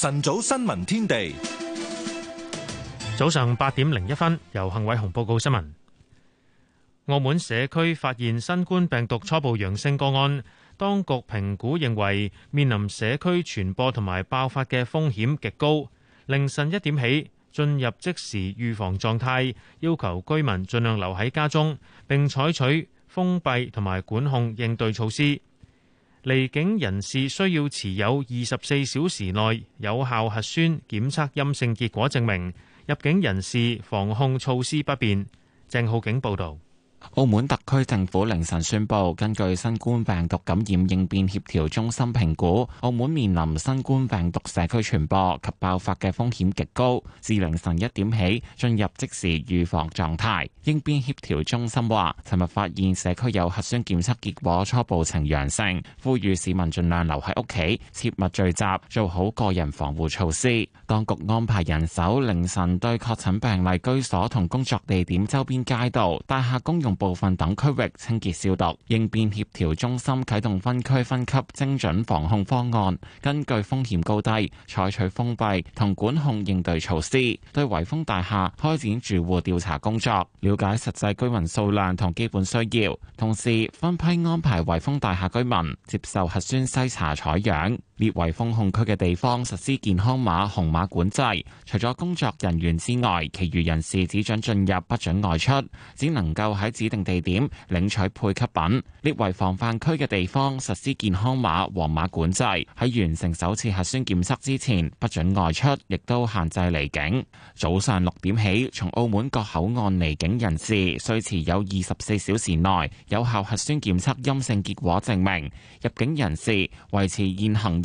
晨早新聞天地，早上八點零一分，由幸偉雄報告新聞。澳門社區發現新冠病毒初步陽性個案，當局評估認為面臨社區傳播同埋爆發嘅風險極高。凌晨一點起，進入即時預防狀態，要求居民盡量留喺家中，並採取封閉同埋管控應對措施。離境人士需要持有二十四小時內有效核酸檢測陰性結果證明。入境人士防控措施不變。鄭浩景報導。澳門特區政府凌晨宣布，根據新冠病毒感染應變協調中心評估，澳門面臨新冠病毒社區傳播及爆發嘅風險極高，自凌晨一點起進入即時預防狀態。應變協調中心話，尋日發現社區有核酸檢測結果初步呈陽性，呼籲市民盡量留喺屋企，切勿聚集，做好個人防護措施。當局安排人手凌晨對確診病例居所同工作地點周邊街道、大廈公用。同部分等區域清潔消毒，應變協調中心啟動分區分級精準防控方案，根據風險高低，採取封閉同管控應對措施，對維峰大廈開展住戶調查工作，了解實際居民數量同基本需要，同時分批安排維峰大廈居民接受核酸篩查採樣。列為封控區嘅地方實施健康碼紅碼管制，除咗工作人員之外，其餘人士只准進入，不准外出，只能夠喺指定地點領取配給品。列為防範區嘅地方實施健康碼黃碼管制，喺完成首次核酸檢測之前，不准外出，亦都限制離境。早上六點起，從澳門各口岸離境人士需持有二十四小時內有效核酸檢測陰性結果證明。入境人士維持現行。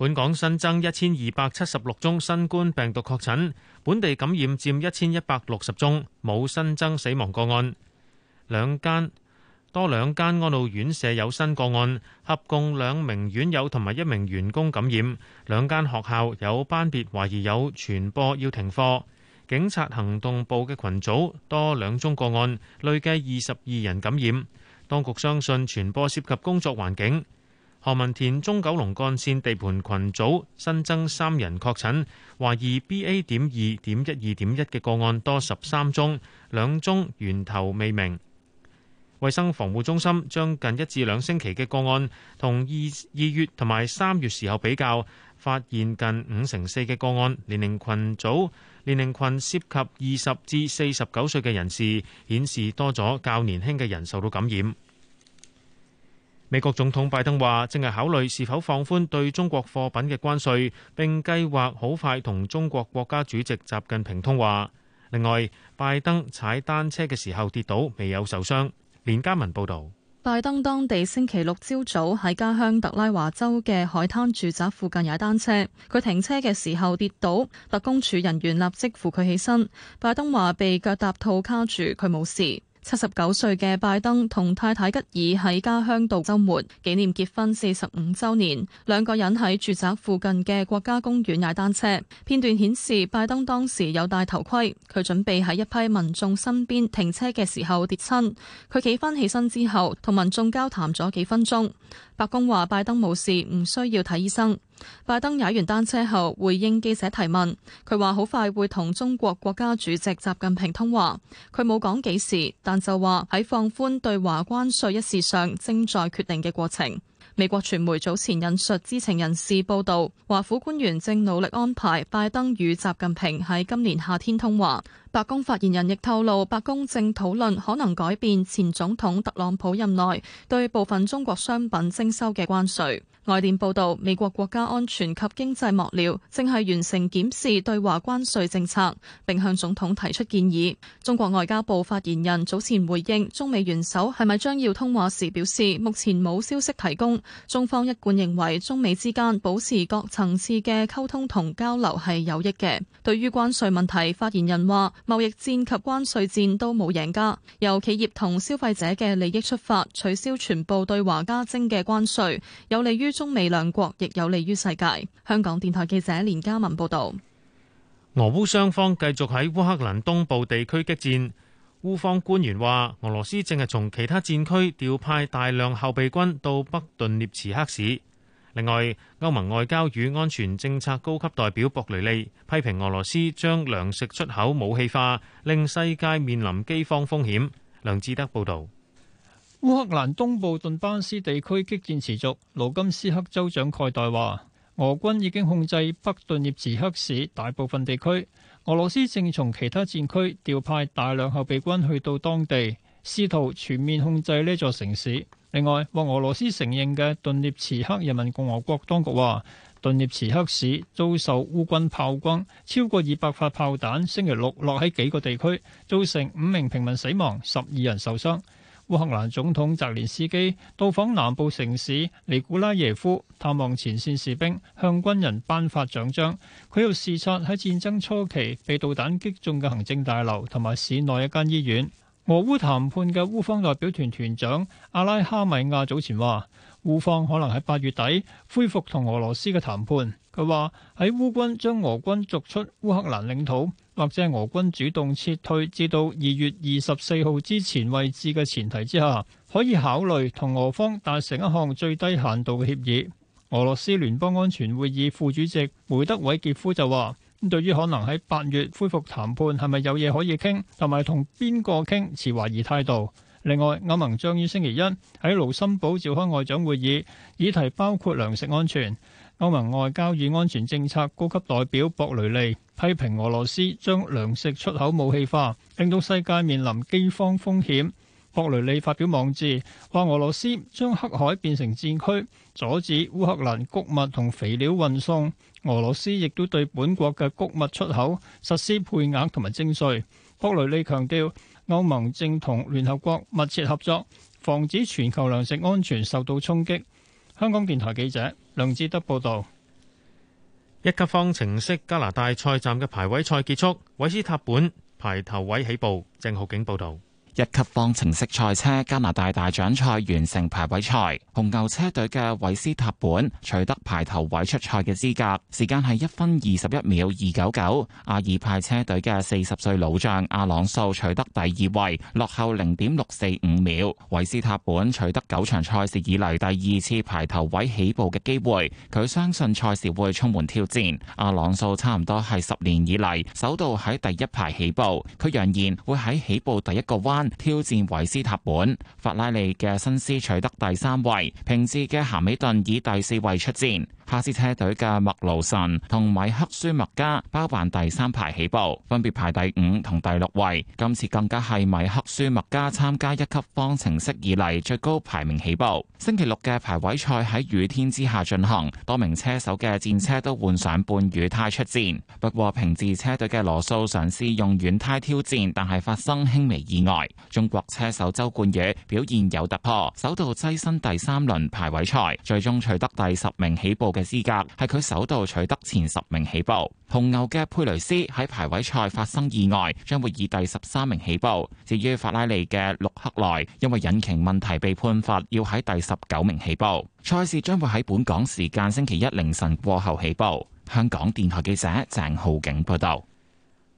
本港新增一千二百七十六宗新冠病毒確診，本地感染佔一千一百六十宗，冇新增死亡個案。兩間多兩間安老院舍有新個案，合共兩名院友同埋一名員工感染。兩間學校有班別懷疑有傳播，要停課。警察行動部嘅群組多兩宗個案，累計二十二人感染。當局相信傳播涉及工作環境。何文田中九龍幹線地盤群組新增三人確診，懷疑 BA.2.12.1 嘅個案多十三宗，兩宗源頭未明。衛生防護中心將近一至兩星期嘅個案同二二月同埋三月時候比較，發現近五成四嘅個案年齡群組年齡群涉及二十至四十九歲嘅人士，顯示多咗較年輕嘅人受到感染。美國總統拜登話正係考慮是否放寬對中國貨品嘅關稅，並計劃好快同中國國家主席習近平通話。另外，拜登踩單車嘅時候跌倒，未有受傷。連家文報道，拜登當地星期六朝早喺家鄉特拉華州嘅海灘住宅附近踩單車，佢停車嘅時候跌倒，特工處人員立即扶佢起身。拜登話被腳踏套卡住，佢冇事。七十九歲嘅拜登同太太吉爾喺家鄉度周末，紀念結婚四十五周年。兩個人喺住宅附近嘅國家公園踩單車。片段顯示拜登當時有戴頭盔，佢準備喺一批民衆身邊停車嘅時候跌親。佢企返起身之後，同民衆交談咗幾分鐘。白宮話拜登冇事，唔需要睇醫生。拜登踩完單車後回應記者提問，佢話好快會同中國國家主席習近平通話。佢冇講幾時，但就話喺放寬對華關稅一事上，正在決定嘅過程。美國傳媒早前引述知情人士報道，華府官員正努力安排拜登與習近平喺今年夏天通話。白宮發言人亦透露，白宮正討論可能改變前總統特朗普任內對部分中國商品徵收嘅關稅。外電報道，美國國家安全及經濟幕僚正係完成檢視對華關稅政策，並向總統提出建議。中國外交部發言人早前回應中美元首係咪將要通話時表示，目前冇消息提供。中方一貫認為中美之間保持各層次嘅溝通同交流係有益嘅。對於關稅問題，發言人話：貿易戰及關稅戰都冇贏家，由企業同消費者嘅利益出發，取消全部對華加徵嘅關稅，有利於中美兩國亦有利於世界。香港電台記者連嘉文報道。俄烏雙方繼續喺烏克蘭東部地區激戰。烏方官員話，俄羅斯正係從其他戰區調派大量後備軍到北頓涅茨克市。另外，歐盟外交與安全政策高級代表博雷利批評俄羅斯將糧食出口武器化，令世界面臨饑荒風險。梁志德報道。烏克蘭東部頓巴斯地區激戰持續，盧金斯克州長蓋代話：俄軍已經控制北頓涅茨克市大部分地區，俄羅斯正從其他戰區調派大量後備軍去到當地，試圖全面控制呢座城市。另外，獲俄羅斯承認嘅頓涅茨克人民共和國當局話，頓涅茨克市遭受烏軍炮轟，超過二百發炮彈，星期六落喺幾個地區，造成五名平民死亡，十二人受傷。烏克蘭總統澤連斯基到訪南部城市尼古拉耶夫，探望前線士兵，向軍人頒發獎章。佢又視察喺戰爭初期被導彈擊中嘅行政大樓同埋市內一間醫院。俄烏談判嘅烏方代表團團長阿拉哈米亞早前話，烏方可能喺八月底恢復同俄羅斯嘅談判。佢話喺烏軍將俄軍逐出烏克蘭領土，或者係俄軍主動撤退至到二月二十四號之前位置嘅前提之下，可以考慮同俄方達成一項最低限度嘅協議。俄羅斯聯邦安全會議副主席梅德韋傑夫就話，對於可能喺八月恢復談判係咪有嘢可以傾，同埋同邊個傾持懷疑態度。另外，歐盟將於星期一喺盧森堡召開外長會議，議題包括糧食安全。歐盟外交與安全政策高級代表博雷利批評俄羅斯將糧食出口武器化，令到世界面臨饑荒風險。博雷利發表網誌，話：俄羅斯將黑海變成戰區，阻止烏克蘭穀物同肥料運送。俄羅斯亦都對本國嘅穀物出口實施配額同埋徵稅。博雷利強調歐盟正同聯合國密切合作，防止全球糧食安全受到衝擊。香港電台記者梁志德報道。一級方程式加拿大賽站嘅排位賽結束，韋斯塔本排頭位起步。鄭浩景報道。一級方程式賽車加拿大大獎賽完成排位賽，紅牛車隊嘅韋斯塔本取得排頭位出賽嘅資格，時間係一分二十一秒二九九。阿爾派車隊嘅四十歲老將阿朗素取得第二位，落後零點六四五秒。韋斯塔本取得九場賽事以嚟第二次排頭位起步嘅機會，佢相信賽事會充滿挑戰。阿朗素差唔多係十年以嚟首度喺第一排起步，佢揚言會喺起步第一個彎。挑戰維斯塔本，法拉利嘅新師取得第三位，平治嘅咸美頓以第四位出戰。哈斯車隊嘅麥盧臣同米克舒麥加包辦第三排起步，分別排第五同第六位。今次更加係米克舒麥加參加一級方程式以嚟最高排名起步。星期六嘅排位賽喺雨天之下進行，多名車手嘅戰車都換上半雨胎出戰。不過，平治車隊嘅羅素嘗試用軟胎挑戰，但係發生輕微意外。中國車手周冠宇表現有突破，首度躋身第三輪排位賽，最終取得第十名起步嘅嘅資格係佢首度取得前十名起步。紅牛嘅佩雷斯喺排位賽發生意外，將會以第十三名起步。至於法拉利嘅盧克內，因為引擎問題被判罰，要喺第十九名起步。賽事將會喺本港時間星期一凌晨過後起步。香港電台記者鄭浩景報道。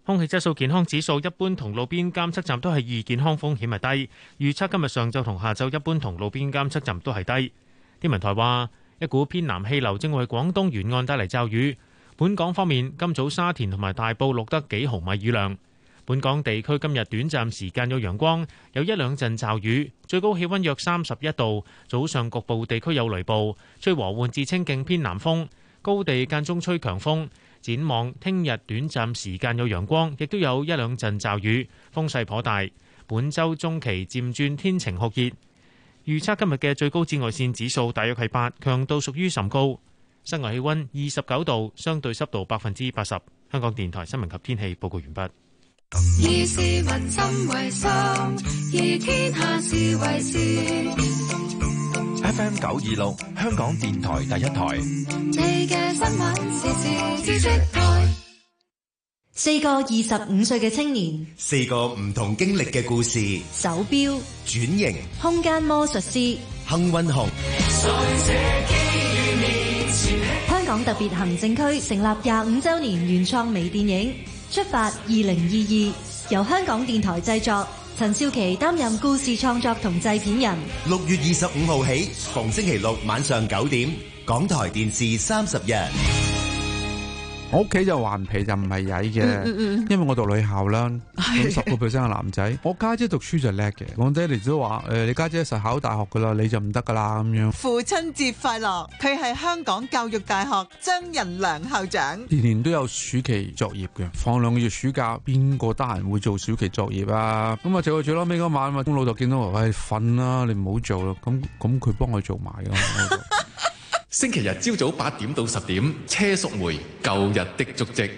空氣質素健康指數一般同路邊監測站都係二，健康風險係低。預測今日上晝同下晝一般同路邊監測站都係低。天文台話。一股偏南氣流正為廣東沿岸帶嚟驟雨。本港方面，今早沙田同埋大埔錄得幾毫米雨量。本港地區今日短暫時間有陽光，有一兩陣驟雨，最高氣温約三十一度。早上局部地區有雷暴，吹和緩至清勁偏南風，高地間中吹強風。展望聽日短暫時間有陽光，亦都有一兩陣驟雨，風勢頗大。本週中期漸轉天晴酷熱。預測今日嘅最高紫外線指數大約係八，強度屬於甚高。室外氣溫二十九度，相對濕度百分之八十。香港電台新聞及天氣報告完畢。FM 九二六，香港電台第一台。四個二十五歲嘅青年，四個唔同經歷嘅故事，手表錶轉型，空間魔術師，幸運紅。香港特別行政區成立廿五周年原創微電影《出發》，二零二二由香港電台製作，陳少琪擔任故事創作同製片人。六月二十五號起，逢星期六晚上九點，港台電視三十日。我屋企就頑皮，就唔係曳嘅。嗯嗯嗯、因為我讀女校啦，咁十個 percent 嘅男仔。的我家姐，姐讀書就叻嘅，我爹哋都話，誒、呃，你家姐實考大學噶啦，你就唔得噶啦咁樣。父親節快樂！佢係香港教育大學張仁良校長。年年都有暑期作業嘅，放兩個月暑假，邊個得閒會做暑期作業啊？咁啊，做住咯，尾嗰晚嘛，咁老豆見到我，唉、哎，瞓啦，你唔好做咯。咁咁，佢幫我做埋咯。那個 星期日朝早八點到十點，車淑梅，舊日的足跡。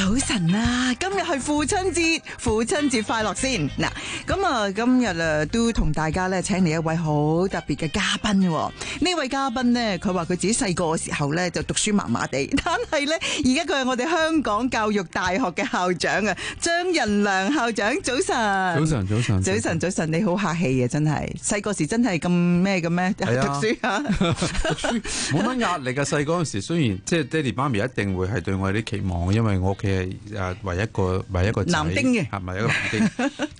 早晨啦，今日係父親節，父親節快樂先嗱。咁啊，今日啊都同大家咧，請嚟一位好特別嘅嘉賓。呢位嘉賓呢，佢話佢自己細個嘅時候咧，就讀書麻麻地，但係咧而家佢係我哋香港教育大學嘅校長啊，張仁良校長。早晨，早晨，早晨，早晨，早晨，你好客氣啊，真係細個時真係咁咩嘅咩？讀書啊，啊，讀書冇乜壓力嘅啊。細嗰陣時雖然即係爹哋媽咪一定會係對我有啲期望，因為我屋企。係誒，唯一個唯一個仔，係咪一個男丁？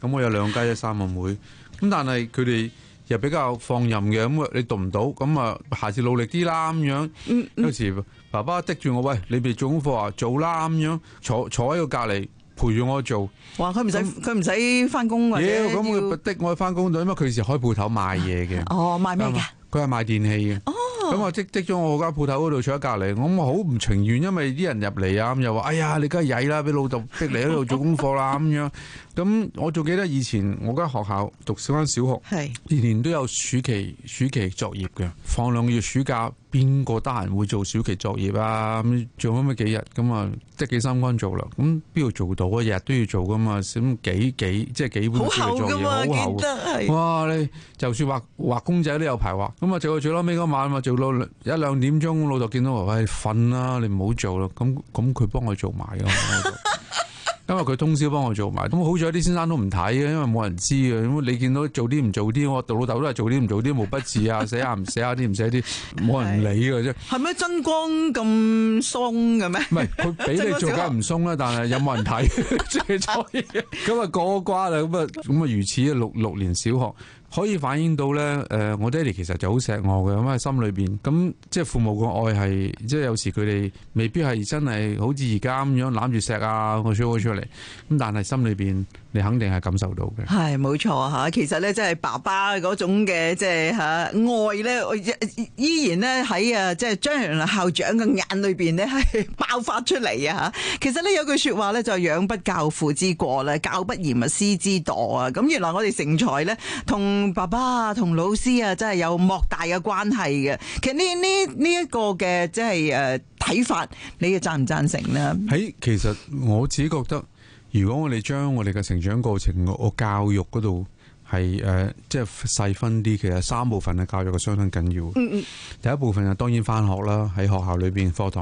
咁我有兩家一三個妹，咁但係佢哋又比較放任嘅，咁你讀唔到，咁啊，下次努力啲啦，咁樣。有時爸爸逼住我，喂你哋做功課啊，做啦，咁樣坐坐喺個隔籬陪住我做。哇，佢唔使佢唔使翻工或者。耶，咁佢逼我翻工咗，因為佢時開鋪頭賣嘢嘅。哦，賣咩噶？佢係賣電器嘅。咁我即即咗我間鋪頭嗰度坐喺隔籬，我好唔情願，因為啲人入嚟啊，咁又話：哎呀，你梗係曳啦，俾老豆逼你喺度做功課啦，咁樣。咁我仲記得以前我間學校讀小間小學，年年都有暑期暑期作業嘅，放兩個月暑假。邊個得閒會做小琪作業啊？做咗樣幾日咁啊，即係幾三關做啦。咁邊度做到啊？日日都要做噶嘛。咁幾幾即係幾本小作業好厚噶，啊，哇！你就算畫畫公仔都有排畫。咁啊，做最屘嗰晚啊，做到一兩點鐘，老豆見到我，哎，瞓啦，你唔好做啦。咁咁佢幫我做埋。 因為佢通宵幫我做埋，咁好彩啲先生都唔睇嘅，因為冇人知嘅。咁你見到做啲唔做啲，我老豆都係做啲唔做啲，毛筆字啊，寫下唔寫下啲唔寫啲，冇人理嘅啫。係咩？真光咁鬆嘅咩？唔係，佢俾你做梗唔鬆啦，但係有冇人睇，即係所以咁啊過關啦，咁啊咁啊如此啊六六年小學。可以反映到咧，誒，我爹哋其實就好錫我嘅，咁喺，心裏邊咁，即係父母個愛係，即係有時佢哋未必係真係，好似而家咁樣攬住錫啊，我 show 出嚟，咁但係心裏邊你肯定係感受到嘅。係冇錯嚇，其實咧，即係爸爸嗰種嘅即係嚇愛咧，依然咧喺啊，即係張楊校長嘅眼裏邊咧係爆發出嚟啊嚇。其實咧有句説話咧就係養不教父之過啦，教不嚴啊師之惰啊。咁原來我哋成才咧同。爸爸同老師啊，真係有莫大嘅關係嘅。其實、這個呃、贊贊呢呢呢一個嘅即係誒睇法，你嘅贊唔讚成咧？喺其實，我自己覺得如果我哋將我哋嘅成長過程個教育度係誒，即係細分啲，其實三部分嘅教育係相當緊要。嗯嗯，第一部分啊，當然翻學啦，喺學校裏邊課堂。